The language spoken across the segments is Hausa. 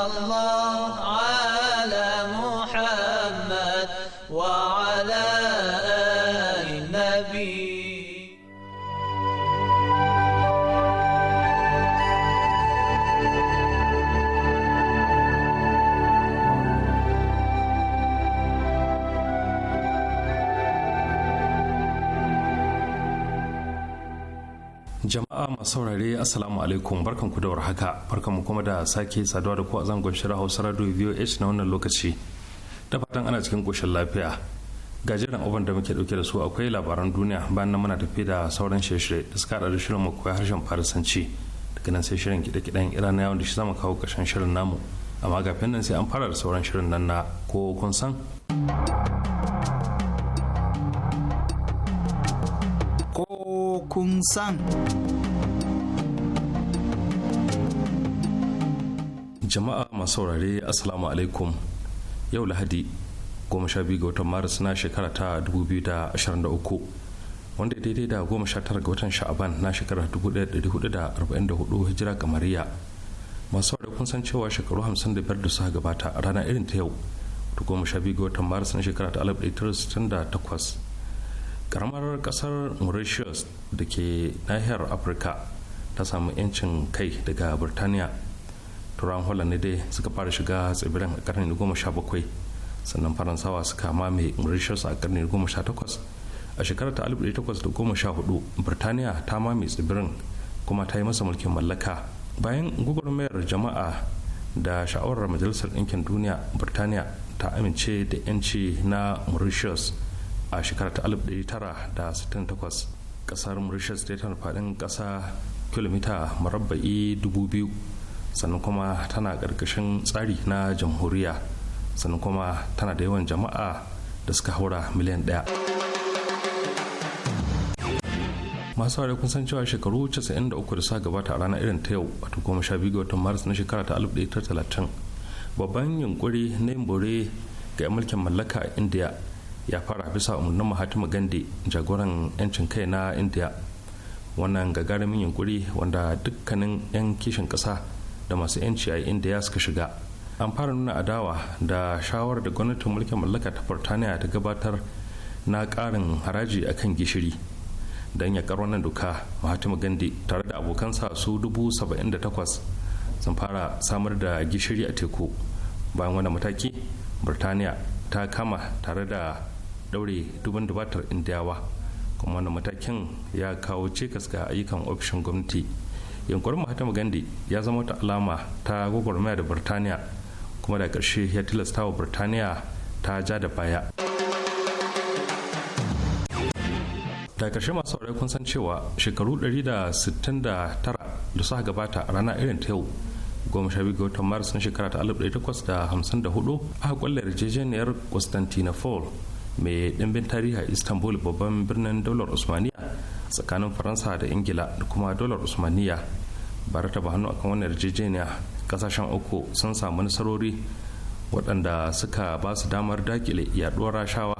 Allah. jama'a masu saurare assalamu alaikum barkan ku da haka barkan mu kuma da sake saduwa da ku a zangon shirin hausa radio voh na wannan lokaci da fatan ana cikin koshin lafiya ga jiran abin da muke dauke da su akwai labaran duniya bayan nan muna tafi da sauran shirye-shirye da suka da shirin mu koyar harshen farisanci daga nan sai shirin kiɗe-kiɗen iran yawon da shi zama kawo ƙarshen shirin namu amma kafin nan sai an fara da sauran shirin nan na ko kun san kun san. Jama'a masu saurare Assalamu alaikum yau Lahadi goma sha biyu ga watan Maris na shekara ta 2023 wanda daidai da goma sha tara ga watan Sha'aban na shekara 1444 hijira kamariya. Masu saurare kun san cewa shekaru 55 da su gabata rana irin ta yau da goma sha biyu ga watan Maris na shekara ta 1968 karamar kasar mauritius da ke nahiyar afirka ta samu 'yancin kai daga birtaniya turan holland dai suka fara shiga tsibirin a karni goma sannan faransawa suka mame mauritius a karni goma sha a shekarar ta 1814 birtaniya ta mame tsibirin kuma ta yi masa mulkin mallaka bayan gwagwarmayar jama'a da sha'awar majalisar ɗinkin duniya birtaniya ta amince da 'yanci na mauritius a shekarar ta 1968 kasar mauritius ta tana faɗin ƙasa kilomita marabba'i 2000 sannan kuma tana ƙarƙashin tsari na jamhuriya sannan kuma tana da yawan jama'a da suka haura miliyan ɗaya masu ware kun san cewa shekaru 93 da suka gabata a ranar irin ta yau wato goma sha biyu ga watan maris na shekara ta 1930 babban yunkuri na yin bore ga mulkin mallaka a india ya fara bisa umarnin mahatma gandhi jagoran 'yancin kai na india wannan gagarumin yunkuri wanda dukkanin 'yan kishin ƙasa da masu 'yanci a india suka shiga an fara nuna adawa da shawarar da gwamnatin mulkin mallaka ta burtaniya ta gabatar na karin haraji a kan gishiri don ya karo wannan doka mahatma gandhi tare da abokansa su dubu saba'in da takwas sun fara samar da gishiri a teku bayan wani mataki burtaniya ta kama tare da daure duban dubatar indiyawa kuma wani matakin ya kawo cikas ga ayyukan ofishin gwamnati yankurin mahatma gandhi ya zama wata alama ta gwagwarmaya da birtaniya kuma da karshe ya tilasta wa birtaniya ta ja da baya da ƙarshe masu saurai kun san cewa shekaru 169 da suka gabata a rana irin ta yau goma sha biyu ga watan maris na shekara ta 1854 aka kwallar yarjejeniyar constantinople mai ɗimbin tarihi a istanbul babban birnin daular usmaniya tsakanin faransa da ingila da kuma daular usmaniya ba ta ba hannu akan wannan yarjejeniya kasashen uku sun samu nasarori waɗanda suka ba su damar dakile yaɗuwar rashawa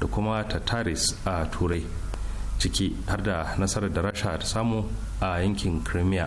da kuma tataris a turai ciki har da nasarar da rasha ta samu a yankin crimea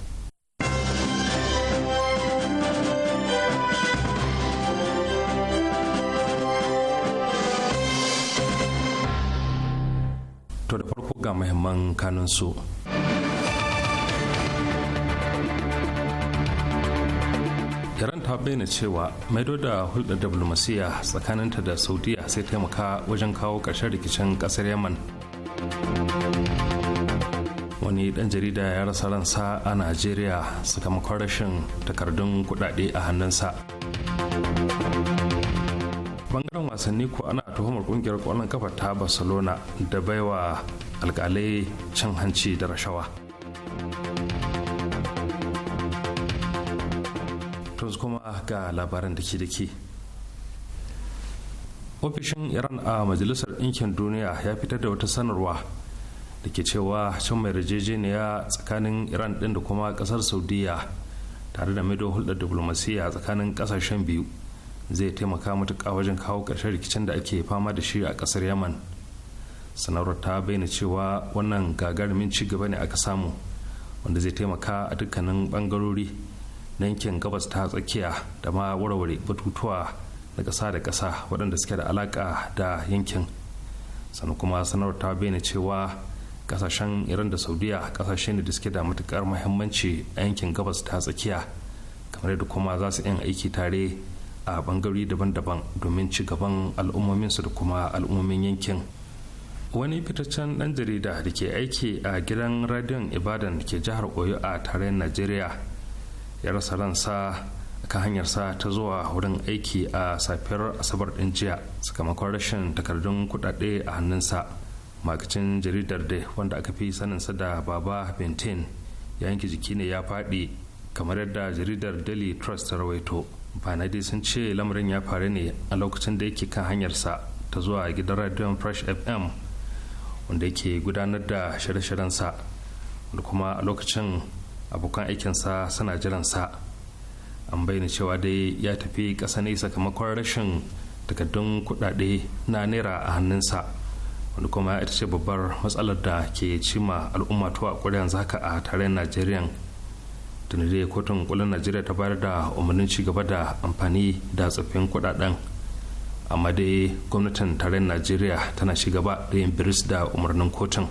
ga mahimman kanunsu. Iran ta bayyana cewa maido da hulɗar tsakaninta da Saudiya sai taimaka wajen kawo ƙarshen rikicin ƙasar Yaman. Wani ɗan jarida ya rasa ransa a Najeriya sakamakon rashin takardun kuɗaɗe a hannunsa. bangaren wasanni ko ana tuhumar ƙungiyar kwallon kafa ta barcelona da baiwa alkalai cin hanci da rashawa to kuma ga labaran da ke da ke ofishin iran a majalisar ɗinkin duniya ya fitar da wata sanarwa da ke cewa cin mai yarjejeniya tsakanin iran ɗin da kuma ƙasar saudiya tare da maido hulɗar diplomasiya tsakanin ƙasashen biyu zai taimaka matuƙa wajen kawo ƙarshen rikicin da ake fama da shi a ƙasar yaman sanarwar ta bayyana cewa wannan gagarumin ci gaba ne aka samu wanda zai taimaka a dukkanin bangarori na yankin gabas ta tsakiya da ma warware batutuwa na ƙasa da ƙasa waɗanda suke da alaƙa da yankin sannan kuma sanarwar ta bayyana cewa ƙasashen iran da saudiya ne da suke da matukar muhimmanci a yankin gabas ta tsakiya kamar yadda kuma za su yin aiki tare a bangarori daban-daban domin ci gaban al'ummominsu da kuma al'ummomin yankin wani fitaccen ɗan jarida da ke aiki a gidan radiyon ibadan ke jihar oyo a tarayyar najeriya ya rasa ransa kan hanyarsa ta zuwa wurin aiki a safiyar asabar ɗin jiya sakamakon rashin takardun kuɗaɗe a hannunsa makacin jaridar dai wanda aka fi saninsa da baba bentin ya yanki jiki ne ya faɗi kamar yadda jaridar daily trust ta rawaito bana sun ce lamarin ya faru ne a lokacin da yake kan hanyarsa ta zuwa gidan radiyon fresh fm wanda yake gudanar da shirye sa da kuma a lokacin abokan aikinsa suna jiransa an bayyana cewa dai ya tafi ƙasa ne sakamakon rashin takardun kuɗaɗe na naira a hannunsa wanda kuma ya ita ce babbar matsalar da ke cima al'umma to a ƙuri'an zaka a tarayyar najeriya dai kotun kulin najeriya ta bayar da umarnin ci gaba da amfani da tsoffin kuɗaɗen amma dai gwamnatin tarayyar najeriya tana gaba da yin biris da umarnin kotun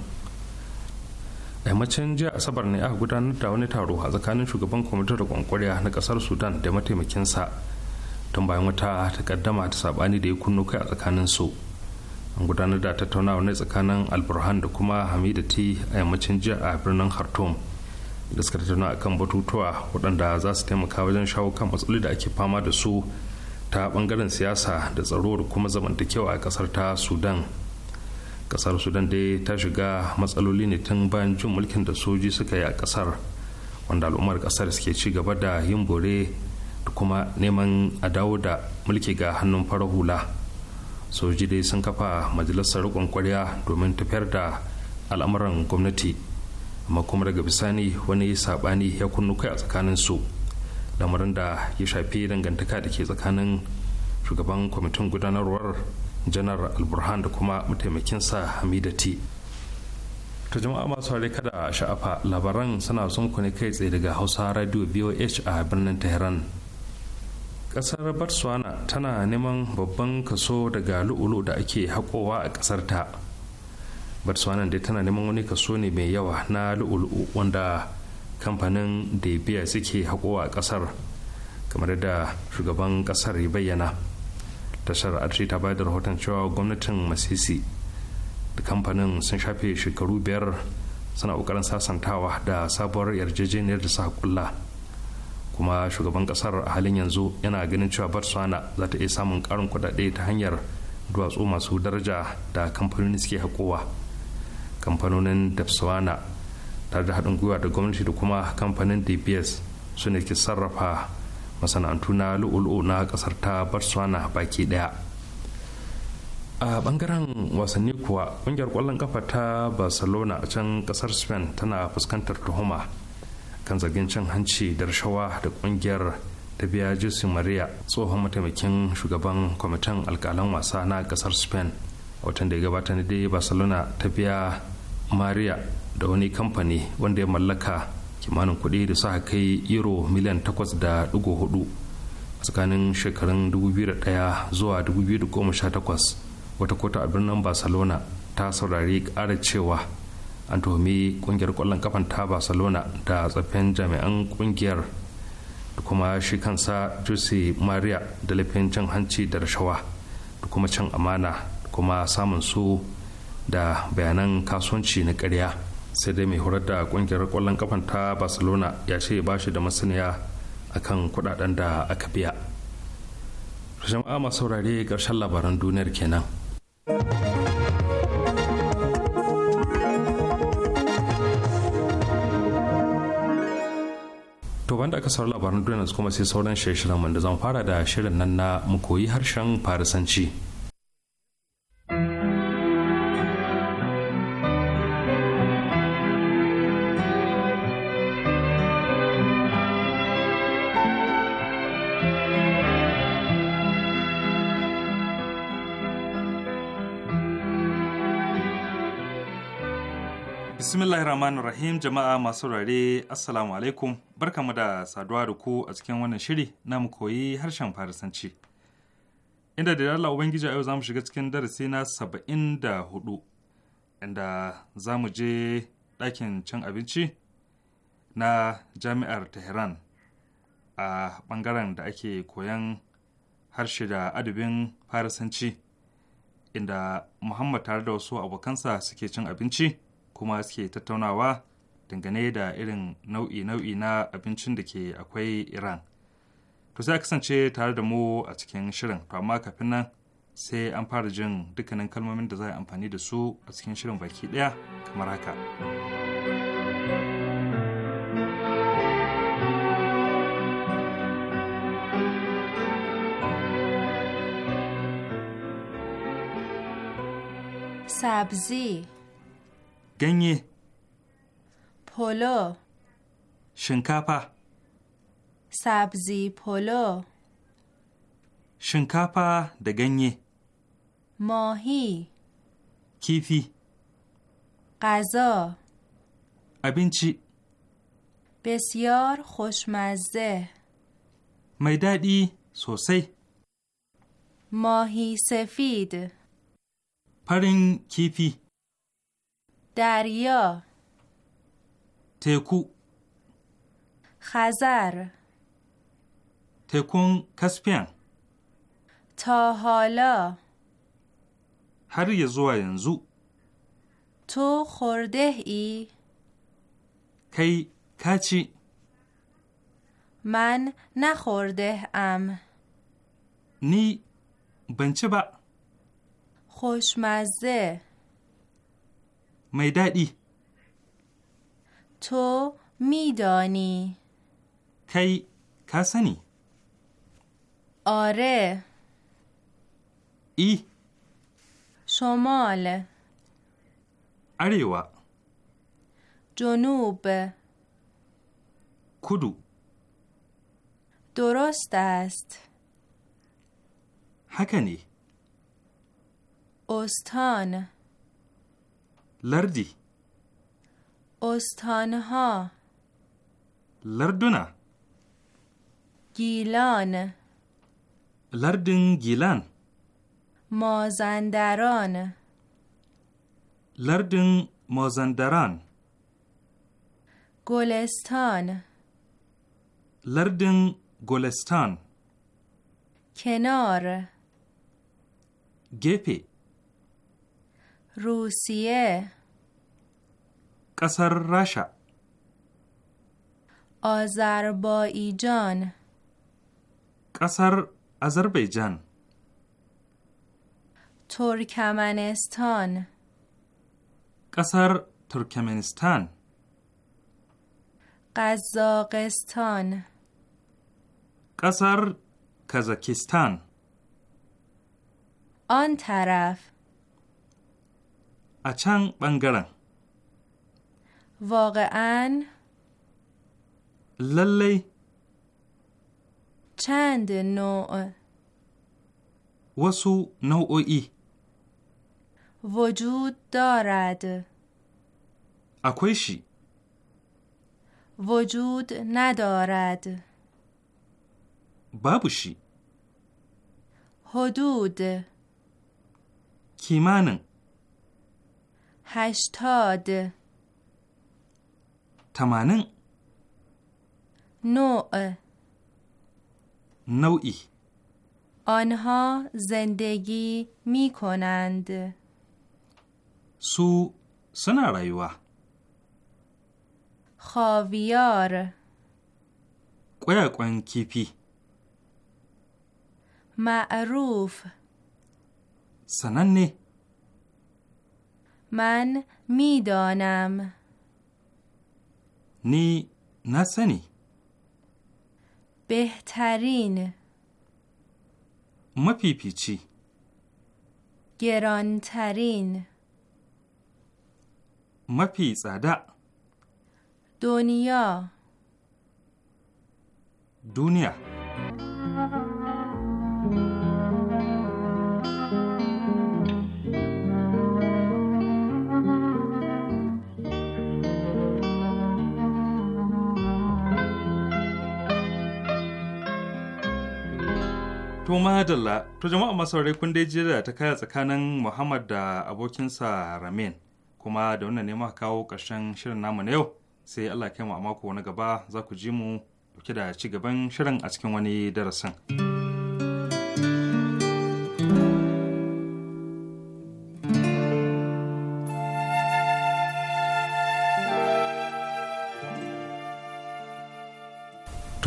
yammacin jiya asabar ne aka gudanar da wani taro a tsakanin shugaban kwamitin da kwankwariya na kasar sudan da mataimakinsa tun bayan wata takaddama ta sabani da ya kunno kai a tsakanin su an gudanar da tattaunawa na tsakanin alburhan da kuma hamida ti a yammacin jiya a birnin khartoum da suka tattauna akan batutuwa waɗanda za su taimaka wajen shawo kan matsaloli da ake fama da su ta bangaren siyasa da tsaro da kuma zamantakewa a kasar ta sudan kasar sudan dai ta shiga matsaloli ne tun bayan jin mulkin da soji suka yi a kasar wanda al'ummar kasar suke ci gaba da yin bore da kuma neman a dawo da mulki ga hannun farar hula soji dai sun kafa majalisar rikon kwarya domin tafiyar da al'amuran gwamnati amma kuma daga bisani wani saɓani ya kunnu kai a tsakanin su lamarin da ya shafi dangantaka da ke tsakanin shugaban kwamitin gudanarwar janar alburhan da kuma mataimakinsa hamidati ta jama'a masu hare kada a sha'afa labaran suna sun ku ne kai tsaye daga hausa radio voh a birnin tehran kasar botswana tana neman babban kaso daga lu'ulu da ake haƙowa a kasar ta botswana dai tana neman wani kaso ne mai yawa na lu'ulu wanda kamfanin da biya suke haƙo a ƙasar kamar da shugaban ƙasar ya bayyana tashar arziki ta bayar da rahoton cewa gwamnatin masisi da kamfanin sun shafe shekaru biyar suna ƙoƙarin sasantawa da sabuwar yarjejeniyar da sa kulla kuma shugaban ƙasar a halin yanzu yana ganin cewa barcelona za ta iya samun ƙarin kuɗaɗe ta hanyar duwatsu masu daraja da kamfanoni suke haƙowa kamfanonin da tare da haɗin gwiwa da gwamnati da kuma kamfanin dps su ne ke sarrafa masana'antu na lu'ulu'u na ƙasar ta botswana baki ɗaya a ɓangaren wasanni kuwa ƙungiyar ƙwallon ƙafa ta barcelona a can ƙasar spain tana fuskantar tuhuma kan zargin cin hanci da rashawa da ƙungiyar ta biya jesse maria tsohon mataimakin shugaban kwamitin alƙalan wasa na ƙasar spain a watan da ya gabata ne dai barcelona ta biya maria da wani kamfani wanda ya mallaka kimanin kuɗi da sa kai euro miliyan 8.4 tsakanin shekarun 2001 zuwa 2018 wata kota a birnin barcelona ta saurari ƙara cewa an tuhumi ƙungiyar kwallon kafan ta barcelona da tsaffin jami'an ƙungiyar da kuma shi kansa jose maria da laifin cin hanci da rashawa da kuma cin amana da kuma samun su da bayanan kasuwanci na ƙarya. sai dai mai horar da kungiyar kwallon kafan ta barcelona ya ce ba shi da masaniya a kan kudaden da aka biya jama'a masu saurare karshen labaran duniyar kenan to banda aka saurari labaran duniyar kuma sai sauran shirye da zan fara da shirin nan na mukoyi harshen farisanci Bismillahirrahmanirrahim jama'a masu rare assalamu alaikum barkamu da saduwa da ku a cikin wannan shiri na mu koyi harshen farisanci inda da Allah ubangiji a yau mu shiga cikin darasi na saba'in da hudu inda za mu je ɗakin cin abinci na jami'ar tehran a ɓangaren da ake koyan harshe da adabin farisanci inda muhammad tare da wasu abokansa suke cin abinci kuma suke tattaunawa dangane da irin nau'i-nau'i na abincin da ke akwai iran to sai kasance tare da mu a cikin shirin to amma kafin nan sai an fara jin dukkanin kalmomin da za a amfani da su a cikin shirin baki ɗaya kamar haka. sabzi گنی پلو شنکاپا سبزی پلو شنکاپا دگنی ماهی کیفی غذا ابینچی بسیار خوشمزه میدادی سوسی ماهی سفید پرین کیفی دریا تکو خزر تکون کسپین تا حالا هر یه زوا ینزو تو خورده ای؟ کی کچی من نخورده ام نی بنچه با خوشمزه می دادی تو میدانی کی کسنی آره ای شمال اریوا جنوب کدو درست است حکنی استان لردی استانها لردونا گیلان لردن گیلان مازندران لردن مازندران گلستان لردن گلستان کنار گپی روسیه قصر رشا آذربایجان قصر آذربایجان ترکمنستان قصر ترکمنستان قزاقستان قصر کازاکستان آن طرف a can ɓangaren. Voga'an Lallai Can da Wasu nau'o'i Vujud darad Akwai shi Vujud nadarad Babu shi Hudud Kimanin هشتاد تمانن نوع نوعی آنها زندگی می کنند سو سنا رایوه خاویار قویقون کیپی معروف سننه من میدانم نی نسنی بهترین مپیپیچی گرانترین مپی زده دنیا دنیا To madalla, to jama'a masaurai kun dai da ta kaya tsakanin Muhammad da abokinsa Ramin. Kuma da wannan ne muka kawo karshen shirin namu na yau, sai Allah kai mu a mako na gaba za ku ji mu dauke da ci gaban shirin a cikin wani darasin.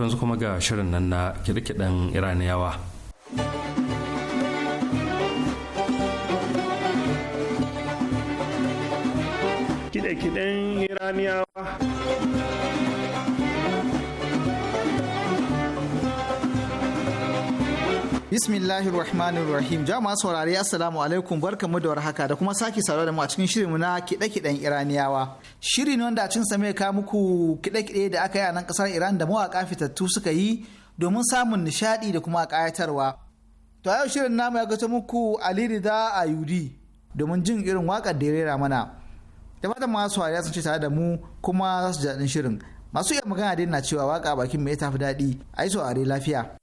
yanzu kuma ga shirin nan na kiɗe-kiɗen iraniyawa kiɗan iraniyawa bismillahir rahmanir rahim jama saurari assalamu alaikum mu da warhaka da kuma sake saurare da mu a cikin mu na kiɗe-kiɗen iraniyawa shiri ne wanda a cikin same ka muku kiɗe-kiɗe da aka yi a nan kasar iran da mawaƙa fitattu suka yi domin samun nishaɗi da kuma kayatarwa. to a yau shirin namu ya gato muku ali rida ayudi domin jin irin waƙar da ya rera mana da fatan masu wariya sun ce tare da mu kuma za su ji daɗin shirin masu iya magana dai na cewa waka bakin mai tafi daɗi a yi saurare lafiya.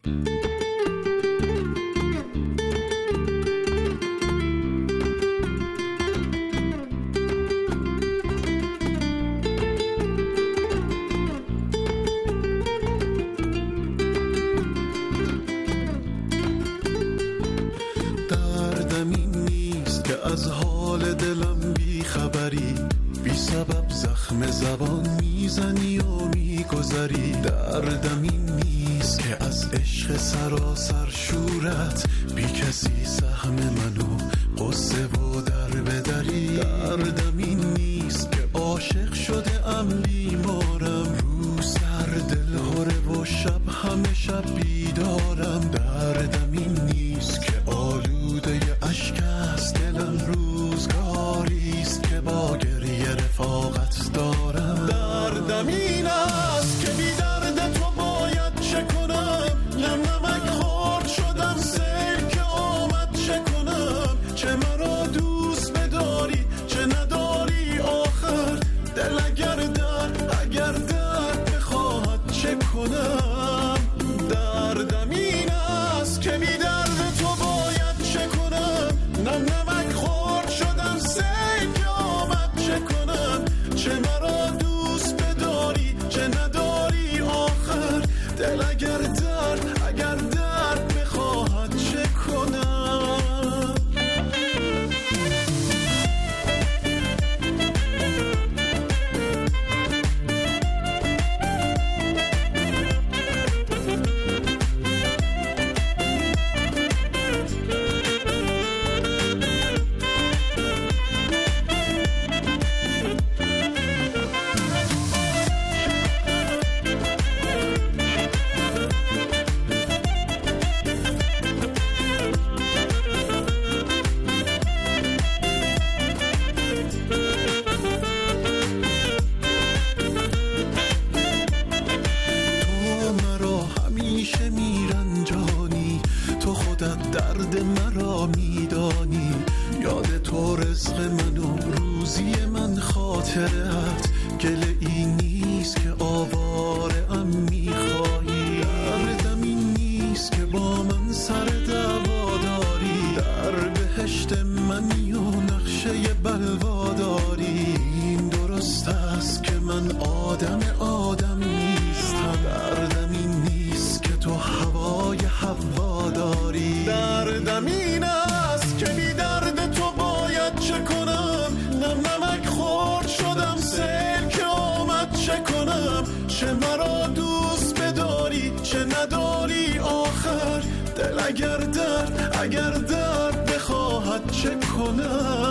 اگر درد اگر درد بخواهد چه کنم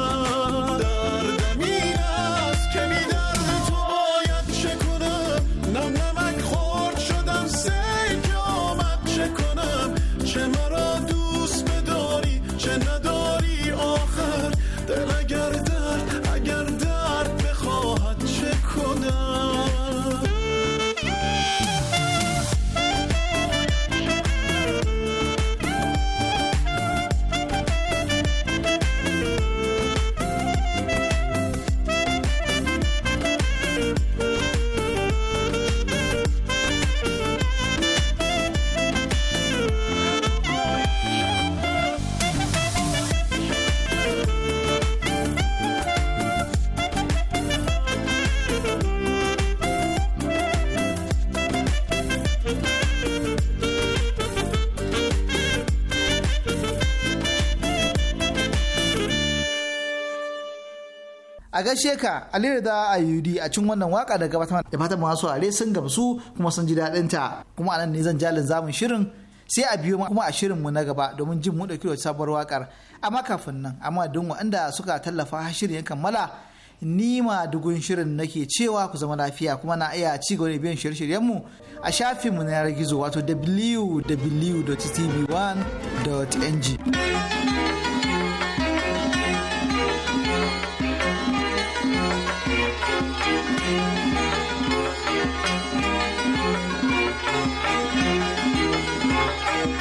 a gaishe ka alirida ayudi a cikin wannan waka daga gabatar da fatan masu are sun gamsu kuma sun ji daɗin ta kuma anan ne zan jalin zamun shirin sai a biyo kuma a shirin mu na gaba domin jin mu dauki wata sabuwar wakar amma kafin nan amma don waɗanda suka tallafa shirin ya kammala ni ma dugun shirin nake cewa ku zama lafiya kuma na iya ci gaba da biyan shirye-shiryen mu a shafin mu na yanar gizo wato www.tv1.ng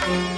thank you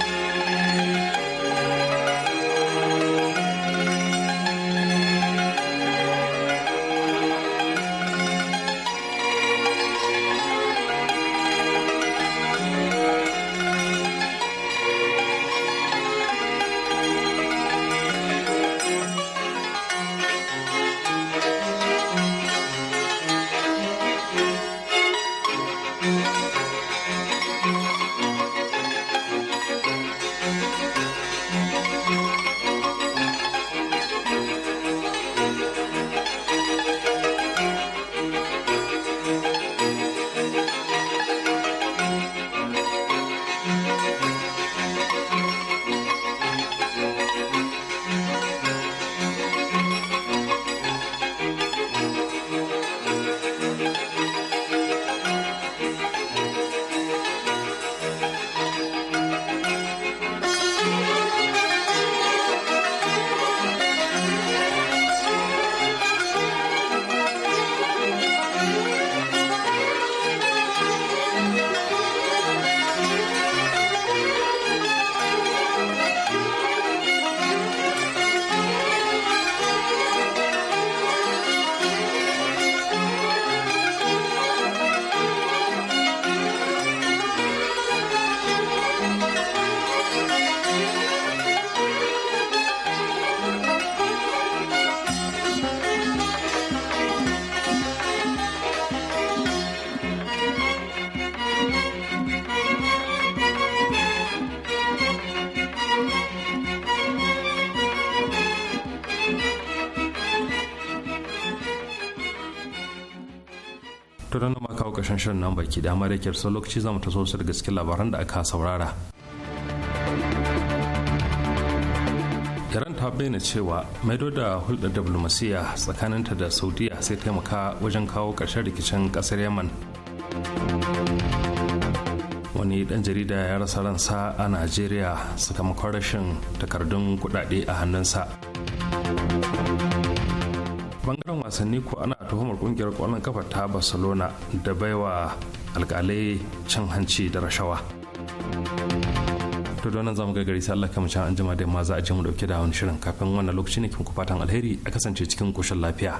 to ma kawo kashen shirin nan baki da amma da kyar lokaci zamu ta su da gaske labaran da aka saurara iran ta bayyana cewa maido da hulɗar diplomasiya tsakaninta da saudiya sai taimaka wajen kawo ƙarshen rikicin ƙasar yaman wani dan jarida ya rasa ransa a najeriya sakamakon rashin takardun kudade a hannunsa bangaren wasanni ko ana tuhumar kungiyar kwallon kafa ta barcelona da baiwa alkalai cin hanci da rashawa to donan zamu gagari sai Allah kamar can an jima da yamma za a je mu dauke da wani shirin kafin wannan lokaci ne kin ku fatan alheri a kasance cikin koshin lafiya